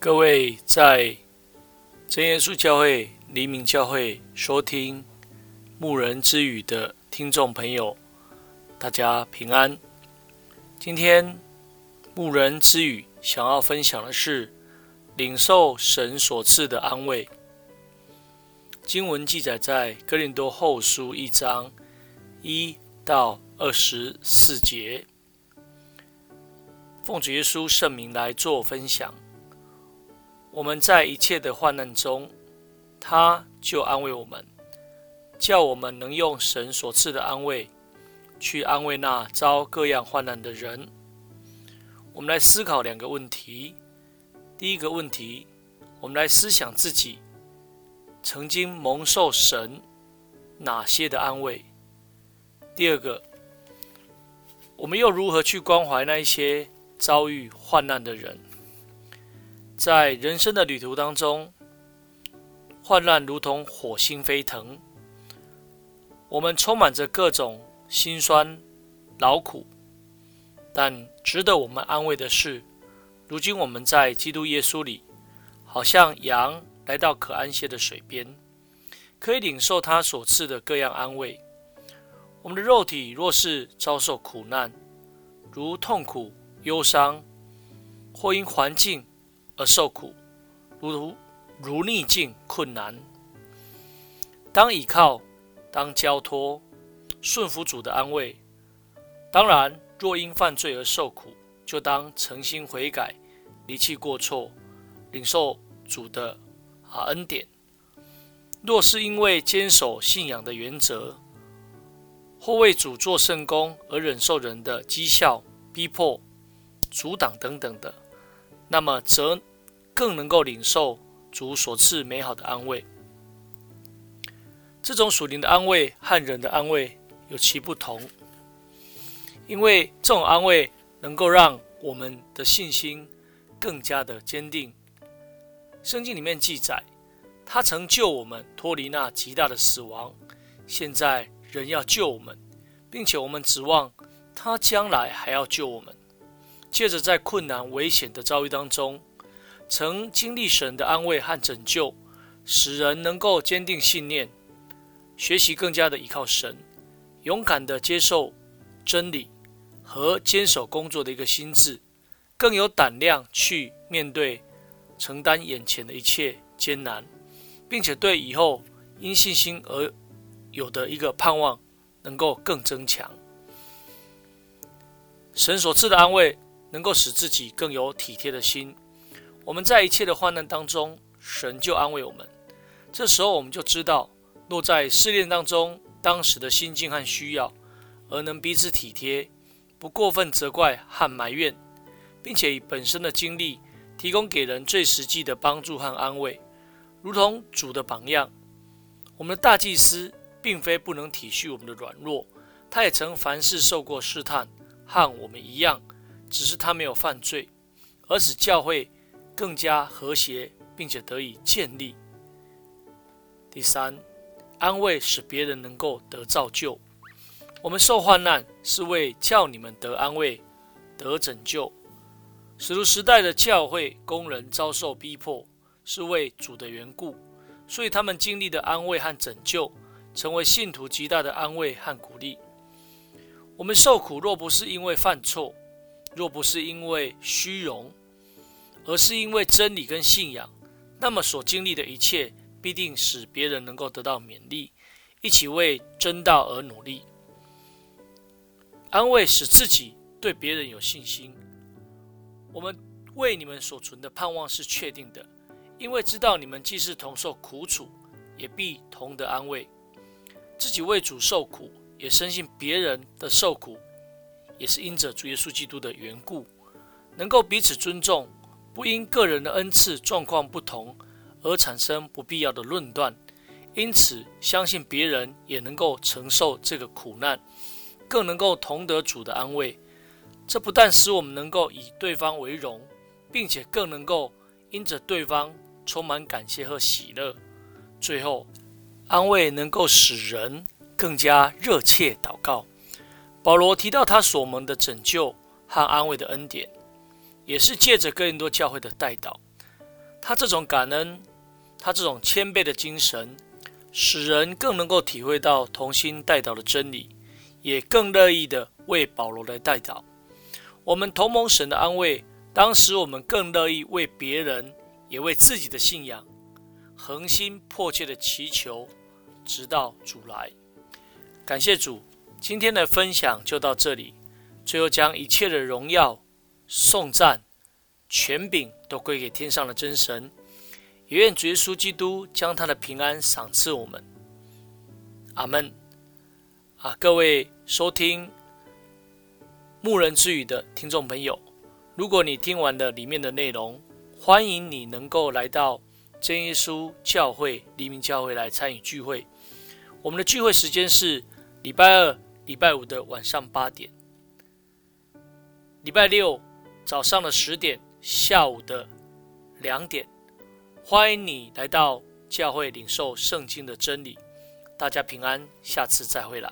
各位在真耶穌教會、黎明教會收聽牧人之語的聽眾朋友，大家平安。今天牧人之語想要分享的是領受神所賜的安慰。經文記載在哥林多後書一章一到二十四節，奉主耶穌聖名來做分享。我們在一切的患難中，他就安慰我們，叫我們能用神所賜的安慰，去安慰那遭各樣患難的人。我們來思考兩個問題，第一個問題，我們來思想自己曾經蒙受神哪些的安慰？第二個，我們又如何去關懷那一些遭遇患難的人？在人生的旅途當中，患難如同火星飛騰，我們充滿着各種辛酸、勞苦。但值得我們安慰的是，如今我們在基督耶穌裡，好像羊來到可安歇的水邊，可以領受他所賜的各樣安慰。我們的肉體若是遭受苦難，如痛苦、憂傷，或因環境，而受苦，如如逆境、困難，當倚靠、當交託、順服主的安慰。當然，若因犯罪而受苦，就當誠心悔改，離棄過錯，領受主的啊恩典。若是因為堅守信仰的原則，或為主做聖工，而忍受人的譏笑、逼迫、阻擋等等的。那麼，則更能夠領受主所賜美好的安慰。這種屬靈的安慰和人的安慰有其不同，因為這種安慰能夠讓我們的信心更加的堅定。聖經裡面記載，他曾救我們脫離那極大的死亡，現在仍要救我們，並且我們指望他將來還要救我們。借着在困難、危險的遭遇當中，曾經歷神的安慰和拯救，使人能夠堅定信念，學習更加的依靠神，勇敢的接受真理和堅守工作的一個心智，更有膽量去面對、承擔眼前的一切艱難，並且對以後因信心而有的一個盼望，能夠更增強。神所賜的安慰。能夠使自己更有體貼的心，我們在一切的患難當中，神就安慰我們。這時候我們就知道，若在試煉當中，當時的心境和需要，而能彼此體貼，不過分責怪和埋怨，並且以本身的經歷提供給人最實際的幫助和安慰，如同主的榜樣。我們的大祭司並非不能體恤我們的軟弱，他也曾凡事受過試探，和我們一樣。只是他沒有犯罪，而使教會更加和諧，並且得以建立。第三，安慰使別人能夠得造就。我們受患難是為叫你們得安慰、得拯救。使徒時代的教會工人遭受逼迫，是為主的緣故，所以他們經歷的安慰和拯救，成為信徒極大的安慰和鼓勵。我們受苦若不是因為犯錯。若不是因為虛榮，而是因為真理跟信仰，那麼所經歷的一切必定使別人能夠得到勉勵，一起為真道而努力，安慰使自己對別人有信心。我們為你們所存的盼望是確定的，因為知道你們既是同受苦楚，也必同得安慰。自己為主受苦，也深信別人的受苦。也是因着主耶穌基督的緣故，能夠彼此尊重，不因個人的恩賜狀況不同而產生不必要的論斷，因此相信別人也能夠承受這個苦難，更能夠同得主的安慰。這不但使我們能夠以對方為榮，並且更能夠因着對方充滿感謝和喜樂。最後，安慰能夠使人更加熱切禱告。保羅提到他所蒙的拯救和安慰的恩典，也是借着哥林多教會的代禱。他這種感恩，他這種謙卑的精神，使人更能夠體會到同心代禱的真理，也更樂意地為保羅來代禱。我們同盟神的安慰，當時我們更樂意為別人，也為自己的信仰，恆心迫切地祈求，直到主來。感謝主。今天的分享就到這裡。最後，將一切的榮耀、頌讚、權柄都歸給天上的真神。也願主耶穌基督將他的平安賞賜我們。阿門。啊，各位收聽《牧人之語》的聽眾朋友，如果你聽完了裡面的內容，歡迎你能夠來到真耶穌教會、黎明教會來參與聚會。我們的聚會時間是禮拜二。禮拜五的晚上八點，禮拜六早上的十點，下午的兩點，歡迎你來到教會領受聖經的真理。大家平安，下次再會了。